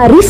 harus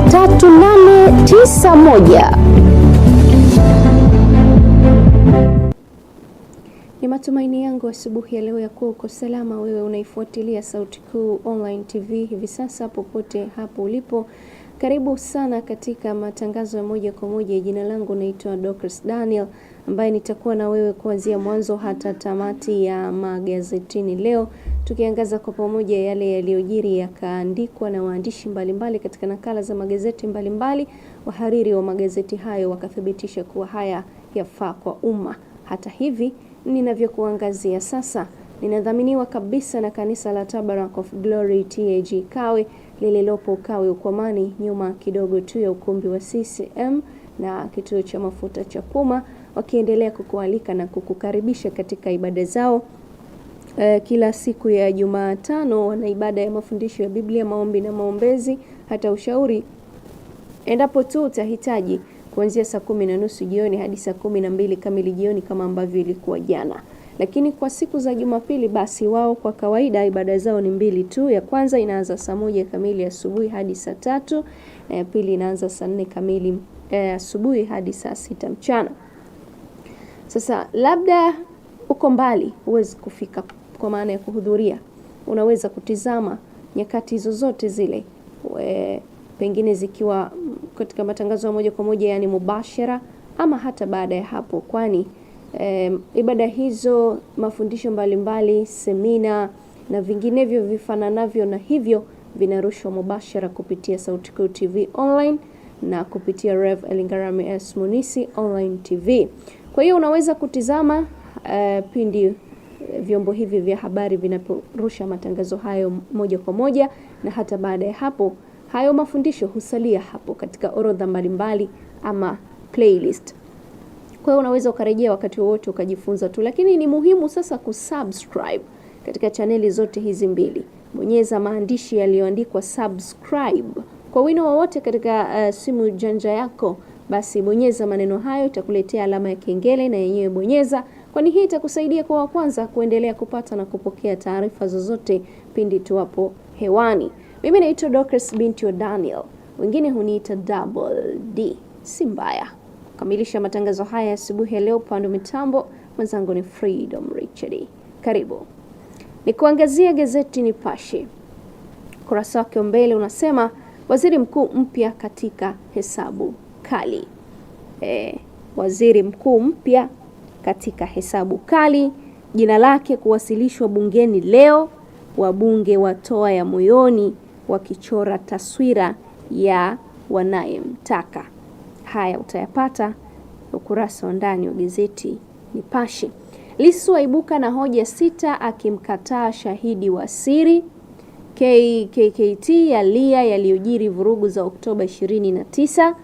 ni matumaini yangu asubuhi ya leo ya kuwa uko salama, wewe unaifuatilia Sauti Kuu Online TV hivi sasa popote hapo ulipo. Karibu sana katika matangazo ya moja kwa moja. Jina langu naitwa Dorcas Daniel ambaye nitakuwa na wewe kuanzia mwanzo hata tamati ya magazetini leo tukiangaza kwa pamoja yale yaliyojiri yakaandikwa na waandishi mbalimbali katika nakala za magazeti mbalimbali. Wahariri wa magazeti hayo wakathibitisha kuwa haya yafaa kwa umma. Hata hivi ninavyokuangazia sasa, ninadhaminiwa kabisa na kanisa la Tabernacle of Glory TAG Kawe lililopo Kawe Ukwamani, nyuma kidogo tu ya ukumbi wa CCM na kituo cha mafuta cha Puma, wakiendelea kukualika na kukukaribisha katika ibada zao uh, kila siku ya Jumatano wana ibada ya mafundisho ya Biblia, maombi na maombezi, hata ushauri endapo tu utahitaji, kuanzia saa kumi na nusu jioni hadi saa kumi na mbili kamili jioni kama ambavyo ilikuwa jana. Lakini kwa siku za Jumapili basi wao kwa kawaida ibada zao ni mbili tu. Ya kwanza inaanza saa moja kamili asubuhi hadi saa tatu na ya pili inaanza saa nne kamili eh, asubuhi hadi saa sita mchana. Sasa labda uko mbali, huwezi kufika kwa maana ya kuhudhuria, unaweza kutizama nyakati zozote zile we, pengine zikiwa katika matangazo ya moja kwa moja yani mubashara, ama hata baada ya hapo, kwani e, ibada hizo, mafundisho mbalimbali mbali, semina na vinginevyo vifananavyo na hivyo vinarushwa mubashara kupitia Sauti Kuu TV online na kupitia Rev Elingarami S Munisi online TV. Kwa hiyo unaweza kutizama uh, pindi vyombo hivi vya habari vinaporusha matangazo hayo moja kwa moja, na hata baada ya hapo hayo mafundisho husalia hapo katika orodha mbalimbali ama playlist. Kwa hiyo unaweza ukarejea wakati wowote ukajifunza tu, lakini ni muhimu sasa kusubscribe katika chaneli zote hizi mbili. Bonyeza maandishi yaliyoandikwa subscribe kwa wino wowote katika uh, simu janja yako, basi bonyeza maneno hayo, itakuletea alama ya kengele, na yenyewe bonyeza kwani hii itakusaidia kwa wa kwanza kuendelea kupata na kupokea taarifa zozote pindi tuwapo hewani. Mimi naitwa Dorcas binti wa Daniel, wengine huniita Double D, si mbaya. Kukamilisha matangazo haya asubuhi ya leo, upande wa mitambo mwenzangu ni Freedom Richard. Karibu ni kuangazia gazeti Nipashe, ukurasa wake wa mbele unasema waziri mkuu mpya katika hesabu kali. E, waziri mkuu mpya katika hesabu kali, jina lake kuwasilishwa bungeni leo, wabunge watoa ya moyoni wakichora taswira ya wanayemtaka. Haya utayapata ukurasa wa ndani wa gazeti Nipashe. Lissu aibuka na hoja sita akimkataa shahidi wa siri. KKKT yalia yaliyojiri vurugu za Oktoba 29.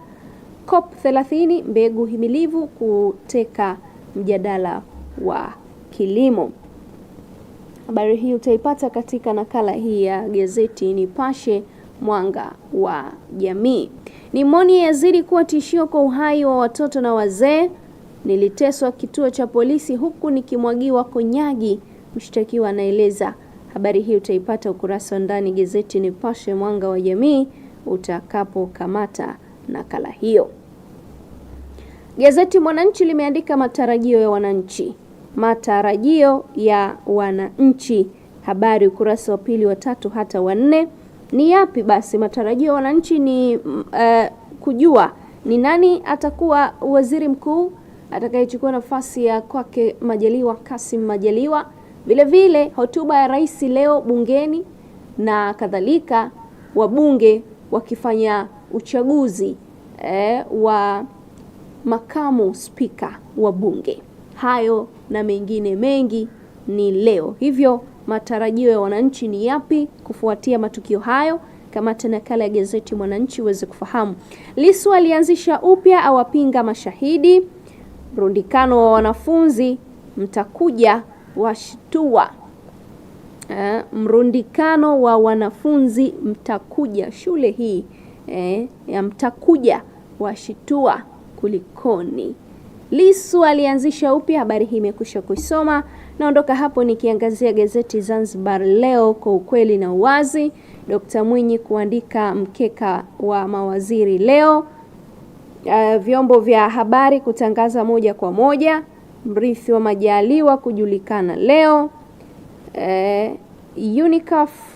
COP 30 mbegu himilivu kuteka mjadala wa kilimo. Habari hii utaipata katika nakala hii ya gazeti Nipashe Mwanga wa Jamii. Nimonia yazidi kuwa tishio kwa uhai wa watoto na wazee. Niliteswa kituo cha polisi huku nikimwagiwa konyagi, mshtakiwa anaeleza. Habari hii utaipata ukurasa wa ndani gazeti Nipashe Mwanga wa Jamii utakapokamata nakala hiyo. Gazeti Mwananchi limeandika matarajio ya wananchi, matarajio ya wananchi, habari ukurasa wa pili, wa tatu hata wa nne. Ni yapi basi matarajio ya wananchi? Ni uh, kujua ni nani atakuwa waziri mkuu atakayechukua nafasi ya kwake Majaliwa, Kasim Majaliwa, vilevile hotuba ya rais leo bungeni na kadhalika, wabunge wakifanya uchaguzi eh, wa makamu spika wa bunge. Hayo na mengine mengi ni leo. Hivyo matarajio ya wananchi ni yapi kufuatia matukio hayo? Kamata nakala ya gazeti Mwananchi uweze kufahamu. Lissu alianzisha upya, awapinga mashahidi. Mrundikano wa wanafunzi mtakuja washtua. Eh, mrundikano wa wanafunzi mtakuja shule hii eh, ya mtakuja washtua kulikoni. lisu alianzisha upya. Habari hii imekwisha kuisoma. Naondoka hapo nikiangazia gazeti Zanzibar Leo kwa ukweli na uwazi. Dkt Mwinyi kuandika mkeka wa mawaziri leo. Uh, vyombo vya habari kutangaza moja kwa moja. Mrithi wa Majaliwa kujulikana leo. Uh, eh, Unicaf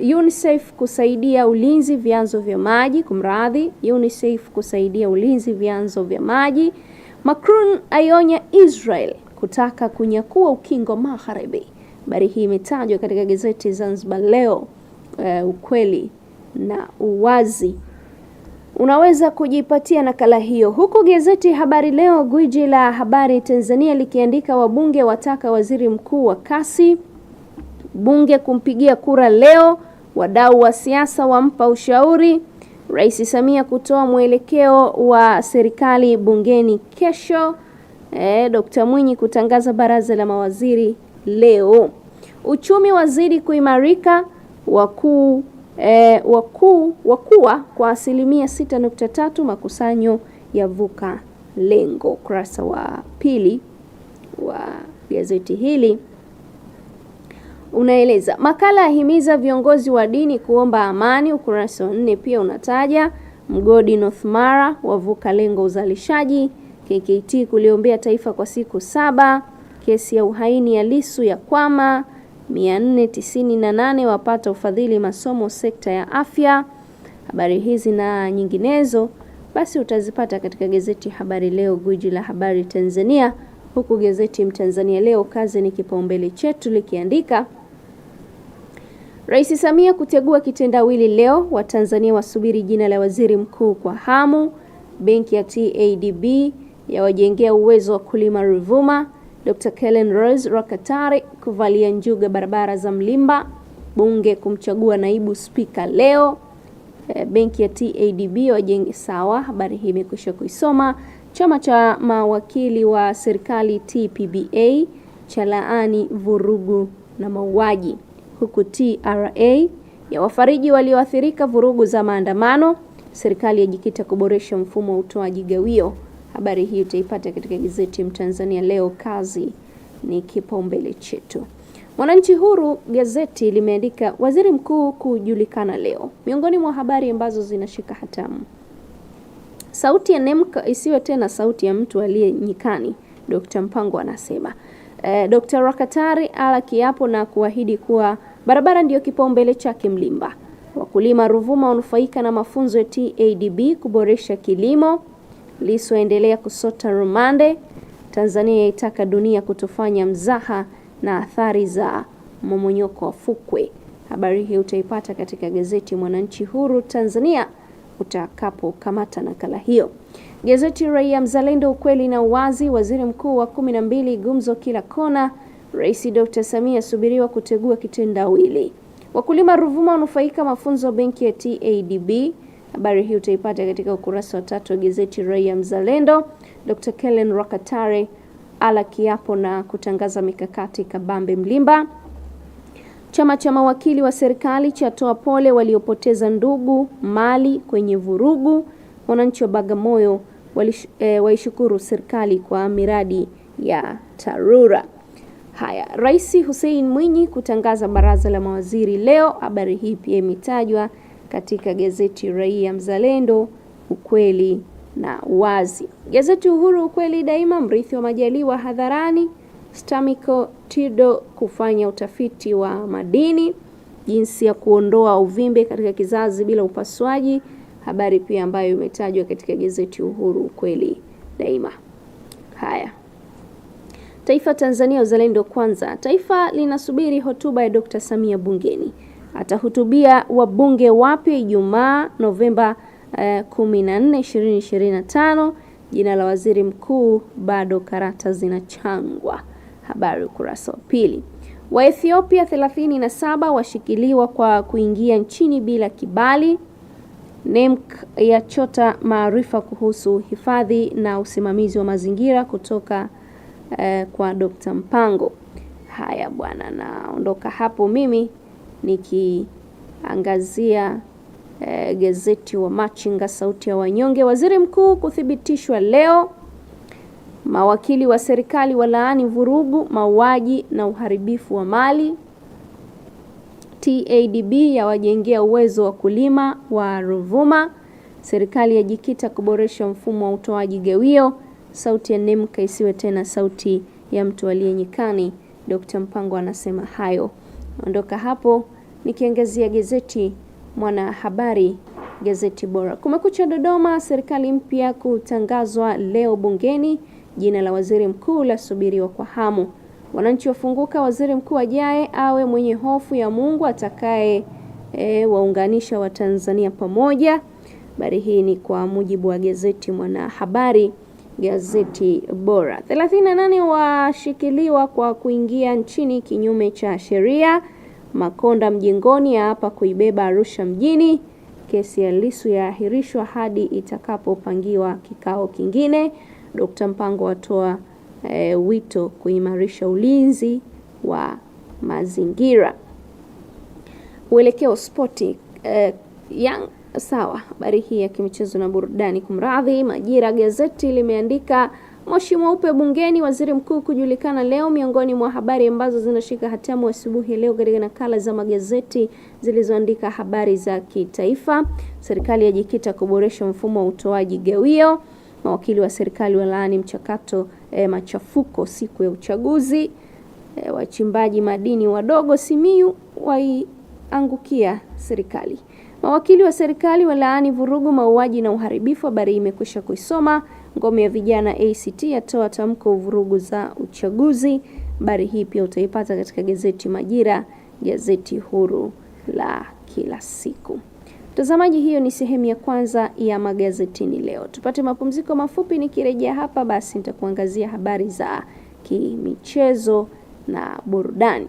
UNICEF kusaidia ulinzi vyanzo vya maji. Kumradhi, UNICEF kusaidia ulinzi vyanzo vya maji. Macron aionya Israel kutaka kunyakua ukingo magharibi. Habari hii imetajwa katika gazeti Zanzibar Leo. Uh, ukweli na uwazi unaweza kujipatia nakala hiyo, huku gazeti Habari Leo, gwiji la habari Tanzania, likiandika wabunge wataka waziri mkuu wa kasi, bunge kumpigia kura leo, Wadau wa siasa wampa ushauri. Rais Samia kutoa mwelekeo wa serikali bungeni kesho. E, eh, Dkt. Mwinyi kutangaza baraza la mawaziri leo. Uchumi wazidi kuimarika wakuu e, wakuu wakuwa kwa asilimia 6.3, makusanyo yavuka lengo. Ukurasa wa pili wa gazeti hili unaeleza makala yahimiza viongozi wa dini kuomba amani. Ukurasa wa nne pia unataja mgodi North Mara wavuka lengo uzalishaji. KKT kuliombea taifa kwa siku saba. Kesi ya uhaini ya Lisu ya kwama. 498 wapata ufadhili masomo sekta ya afya. Habari hizi na nyinginezo basi utazipata katika gazeti Habari Leo, gwiji la habari Tanzania huku gazeti Mtanzania Leo kazi ni kipaumbele chetu likiandika Rais Samia kutegua kitendawili leo, Watanzania wasubiri jina la waziri mkuu kwa hamu. Benki ya TADB yawajengea uwezo wa kulima Ruvuma. Dr. Kellen Rose Rokatari kuvalia njuga barabara za Mlimba. Bunge kumchagua naibu spika leo. Eh, benki ya TADB wajenge sawa. Habari hii imekwisha kuisoma. Chama cha mawakili wa serikali TPBA cha laani vurugu na mauaji, huku TRA ya wafariji walioathirika vurugu za maandamano. Serikali yajikita kuboresha mfumo wa utoaji gawio. Habari hii utaipata katika gazeti Mtanzania Leo, kazi ni kipaumbele chetu. Mwananchi Huru gazeti limeandika waziri mkuu kujulikana leo, miongoni mwa habari ambazo zinashika hatamu Sauti ya Nemka isiwe tena sauti ya mtu aliye nyikani, Dr. Mpango anasema. E, eh, Dkt. Rakatari ala kiapo na kuahidi kuwa barabara ndiyo kipaumbele chake Mlimba. Wakulima Ruvuma wanufaika na mafunzo ya TADB kuboresha kilimo. Lissu aendelea kusota rumande. Tanzania yaitaka dunia kutofanya mzaha na athari za mmomonyoko wa fukwe. Habari hii utaipata katika gazeti Mwananchi Huru Tanzania utakapokamata nakala hiyo. Gazeti Raia Mzalendo, ukweli na uwazi. Waziri mkuu wa kumi na mbili, gumzo kila kona. Rais Dr. Samia asubiriwa kutegua kitendawili. Wakulima Ruvuma wanufaika mafunzo benki ya TADB. Habari hii utaipata katika ukurasa wa tatu wa gazeti Raia Mzalendo. Dr. Kellen rakatare ala kiapo na kutangaza mikakati kabambe Mlimba. Chama cha mawakili wa serikali chatoa pole waliopoteza ndugu, mali kwenye vurugu. Wananchi wa Bagamoyo e, waishukuru serikali kwa miradi ya TARURA. Haya, Rais Hussein Mwinyi kutangaza baraza la mawaziri leo. Habari hii pia imetajwa katika gazeti Raia Mzalendo, ukweli na wazi. Gazeti Uhuru, ukweli daima. Mrithi wa Majaliwa hadharani. Stamico Tido kufanya utafiti wa madini, jinsi ya kuondoa uvimbe katika kizazi bila upasuaji, habari pia ambayo imetajwa katika gazeti Uhuru, ukweli daima. Haya, Taifa Tanzania, uzalendo kwanza. Taifa linasubiri hotuba ya Dr. Samia bungeni. Atahutubia wabunge wapya Ijumaa Novemba eh, 14, 2025. Jina la waziri mkuu bado, karata zinachangwa habari ukurasa wa pili. Waethiopia 37 washikiliwa kwa kuingia nchini bila kibali. NEMC yachota maarifa kuhusu hifadhi na usimamizi wa mazingira kutoka eh, kwa Dr. Mpango. Haya bwana, naondoka hapo mimi nikiangazia eh, gazeti wa Machinga sauti ya wanyonge. Waziri mkuu kuthibitishwa leo. Mawakili wa serikali walaani vurugu, mauaji na uharibifu wa mali. TADB yawajengea uwezo wa kulima wa Ruvuma. Serikali yajikita kuboresha mfumo wa utoaji gawio. Sauti ya Nemka isiwe tena sauti ya mtu aliye nyikani. Dkt. Mpango anasema hayo. Ondoka hapo nikiangazia gazeti Mwanahabari, gazeti bora. Kumekucha Dodoma, serikali mpya kutangazwa leo bungeni. Jina la waziri mkuu lasubiriwa kwa hamu. Wananchi wafunguka, waziri mkuu ajaye awe mwenye hofu ya Mungu atakaye e, waunganisha Watanzania pamoja. Habari hii ni kwa mujibu wa gazeti Mwanahabari, gazeti bora. 38 washikiliwa kwa kuingia nchini kinyume cha sheria. Makonda mjengoni hapa kuibeba Arusha mjini. Kesi ya lisu yaahirishwa hadi itakapopangiwa kikao kingine. Dkt. Mpango atoa e, wito kuimarisha ulinzi wa mazingira. Uelekeo spoti e, yang eh, sawa. Habari hii ya kimichezo na burudani, kumradhi. Majira gazeti limeandika moshi mweupe bungeni, waziri mkuu kujulikana leo, miongoni mwa habari ambazo zinashika hatamu asubuhi leo katika nakala za magazeti zilizoandika habari za kitaifa. Serikali yajikita kuboresha mfumo wa utoaji gawio Mawakili wa serikali walaani mchakato e, machafuko siku ya uchaguzi. E, wachimbaji madini wadogo Simiyu waiangukia serikali. Mawakili wa serikali walaani vurugu, mauaji na uharibifu. Habari imekwisha kuisoma. Ngome ya vijana ACT yatoa tamko vurugu za uchaguzi. Habari hii pia utaipata katika gazeti Majira, gazeti huru la kila siku. Mtazamaji, hiyo ni sehemu ya kwanza ya magazetini leo. Tupate mapumziko mafupi, nikirejea hapa basi nitakuangazia habari za kimichezo na burudani.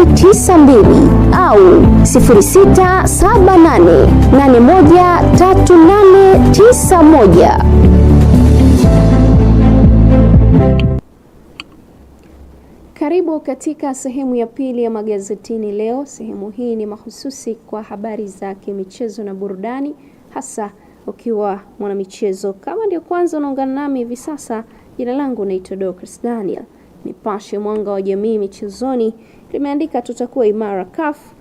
92 au 0678813891. Karibu katika sehemu ya pili ya magazetini leo. Sehemu hii ni mahususi kwa habari za kimichezo na burudani, hasa ukiwa mwanamichezo. Kama ndio kwanza unaungana nami hivi sasa, jina langu naitwa Dorcas Daniel. Nipashe Mwanga wa Jamii michezoni limeandika tutakuwa imara kafu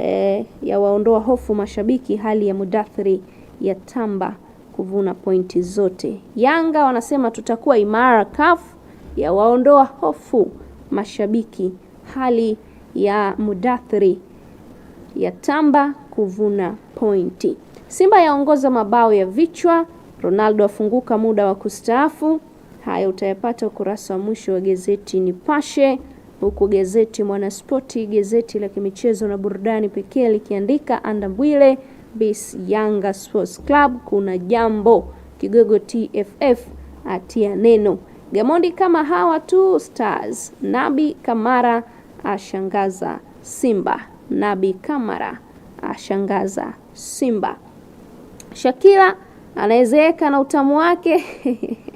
e, ya waondoa hofu mashabiki, hali ya Mudathiri ya tamba kuvuna pointi zote. Yanga wanasema tutakuwa imara kafu ya waondoa hofu mashabiki, hali ya Mudathiri ya tamba kuvuna pointi. Simba yaongoza mabao ya vichwa, Ronaldo afunguka muda wa kustaafu. Haya utayapata ukurasa wa mwisho wa gazeti Nipashe, huku gazeti Mwanaspoti, gazeti la kimichezo na burudani pekee likiandika Andabwile bis Yanga Sports Club, kuna jambo kigogo TFF atia neno Gamondi kama hawa tu Stars. Nabi Kamara ashangaza Simba. Nabi Kamara ashangaza Simba. Shakira anaezeeka na utamu wake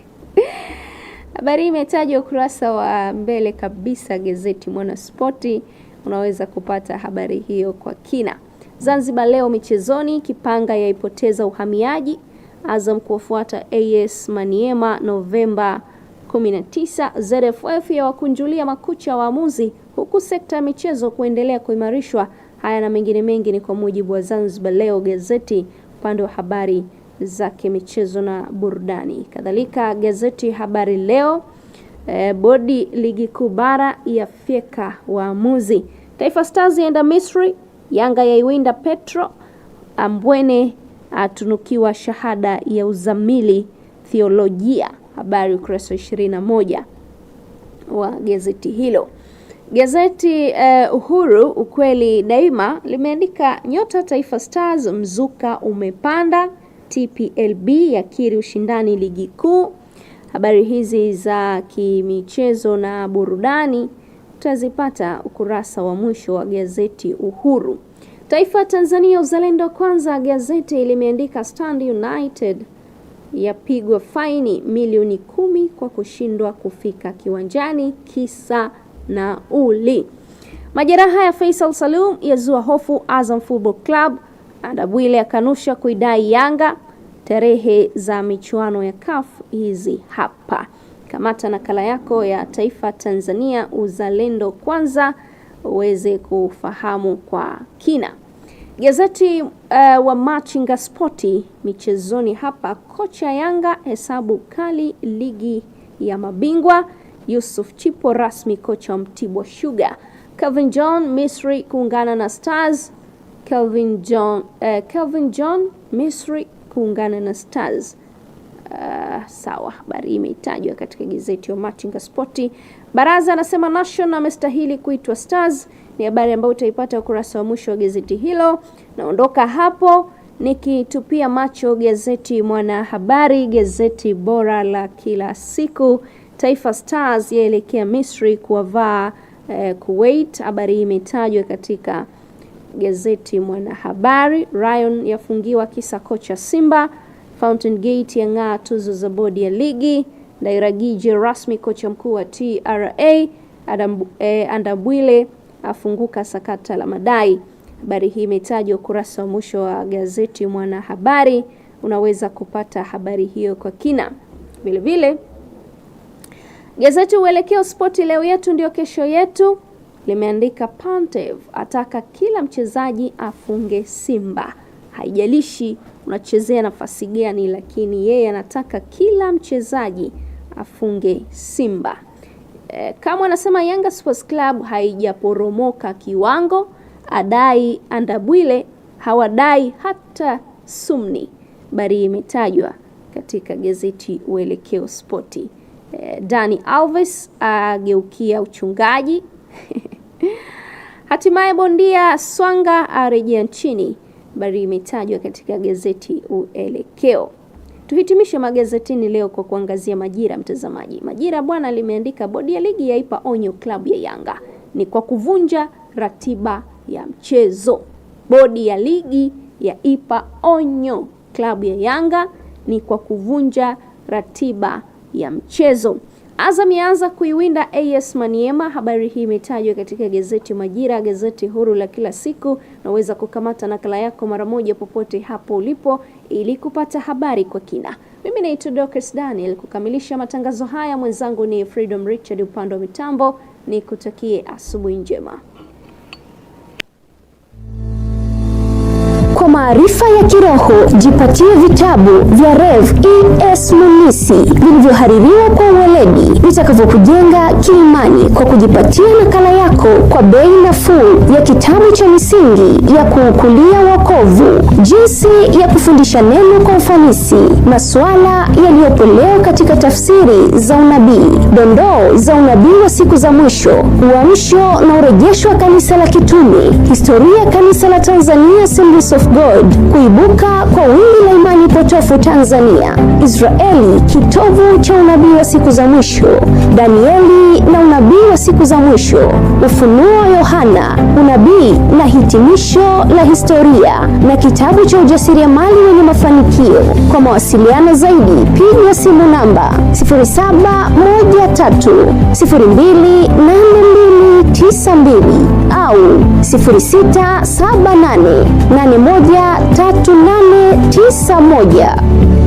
Habari hii imetajwa ukurasa wa mbele kabisa gazeti Mwanaspoti, unaweza kupata habari hiyo kwa kina. Zanzibar Leo michezoni, Kipanga yaipoteza uhamiaji, Azam kuwafuata AS Maniema Novemba 19, ZFF yawakunjulia makucha waamuzi, huku sekta ya michezo kuendelea kuimarishwa. Haya na mengine mengi ni kwa mujibu wa Zanzibar Leo gazeti, upande wa habari za kimichezo na burudani. Kadhalika gazeti Habari Leo, e, bodi ligi kuu bara yafyeka waamuzi. Taifa Stars yaenda Misri, Yanga yaiwinda Petro, Ambwene atunukiwa shahada ya uzamili theolojia. Habari ukurasa wa 21 wa gazeti hilo. Gazeti uh, Uhuru ukweli daima limeandika nyota Taifa Stars mzuka umepanda TPLB yakiri ushindani ligi kuu. Habari hizi za kimichezo na burudani utazipata ukurasa wa mwisho wa gazeti Uhuru. Taifa Tanzania, uzalendo kwanza, gazeti limeandika Stand United yapigwa faini milioni kumi kwa kushindwa kufika kiwanjani kisa nauli. Majeraha ya Faisal Salum yazua hofu Azam Football Club. Andabwile akanusha kuidai Yanga tarehe za michuano ya CAF hizi hapa. Kamata nakala yako ya Taifa Tanzania Uzalendo Kwanza uweze kufahamu kwa kina. Gazeti uh, wa Machinga Spoti michezoni hapa, kocha Yanga hesabu kali ligi ya mabingwa, Yusuf Chipo rasmi kocha wa Mtibwa Sugar, Kelvin John Misri kuungana na Stars. Kelvin John, uh, Kelvin John Misri kuungana na Stars. Uh, sawa, habari hii imetajwa katika gazeti ya Matinga Sporti. Baraza anasema Nation amestahili kuitwa Stars, ni habari ambayo utaipata ukurasa wa mwisho wa gazeti hilo. Naondoka hapo nikitupia macho gazeti Mwanahabari, gazeti bora la kila siku. Taifa Stars yaelekea Misri kuwavaa eh, Kuwait. Habari hii imetajwa katika Gazeti Mwanahabari, Ryan yafungiwa kisa kocha Simba, Fountain Gate yang'aa tuzo za bodi ya ligi, Ndairagije rasmi kocha mkuu wa TRA, e, Andabwile eh, afunguka sakata la madai. Habari hii imetajwa ukurasa wa mwisho wa gazeti Mwanahabari. Unaweza kupata habari hiyo kwa kina. Vilevile gazeti Uelekeo Spoti, leo yetu ndio kesho yetu limeandika Pantev ataka kila mchezaji afunge Simba, haijalishi unachezea nafasi gani, lakini yeye anataka kila mchezaji afunge Simba. E, kama anasema Yanga Sports Club haijaporomoka kiwango, adai Andabwile, hawadai hata sumni. bari imetajwa katika gazeti Uelekeo Spoti. E, Dani Alves ageukia uchungaji Hatimaye bondia Swanga arejea nchini, habari imetajwa katika gazeti Uelekeo. Tuhitimishe magazetini leo kwa kuangazia Majira. Mtazamaji, Majira bwana limeandika bodi ya ligi yaipa onyo klabu ya Yanga ni kwa kuvunja ratiba ya mchezo. Bodi ya ligi yaipa onyo klabu ya Yanga ni kwa kuvunja ratiba ya mchezo. Azam yaanza kuiwinda AS Maniema. Habari hii imetajwa katika gazeti Majira, gazeti huru la kila siku. Unaweza kukamata nakala yako mara moja popote hapo ulipo ili kupata habari kwa kina. Mimi naitwa Dorcas Daniel, kukamilisha matangazo haya mwenzangu ni Freedom Richard, upande wa mitambo. Nikutakie asubuhi njema. maarifa ya kiroho, jipatie vitabu vya Rev E.S. Munisi vilivyohaririwa kwa uweledi vitakavyokujenga kiimani kwa kujipatia nakala yako kwa bei nafuu ya kitabu cha misingi ya kuukulia wokovu, jinsi ya kufundisha neno kwa ufanisi, masuala yaliyopolewa katika tafsiri za unabii, dondoo za unabii wa siku za mwisho, uamsho na urejesho wa kanisa la kitume, historia ya kanisa la Tanzania Assemblies of God, kuibuka kwa wingi la imani potofu Tanzania, Israeli kitovu cha unabii wa siku za mwisho, Danieli na unabii wa siku za mwisho, Ufunuo Yohana sana, unabii na hitimisho la historia na kitabu cha ujasiriamali wenye mafanikio. Kwa mawasiliano zaidi, piga simu namba 0713028292 au 0678813891.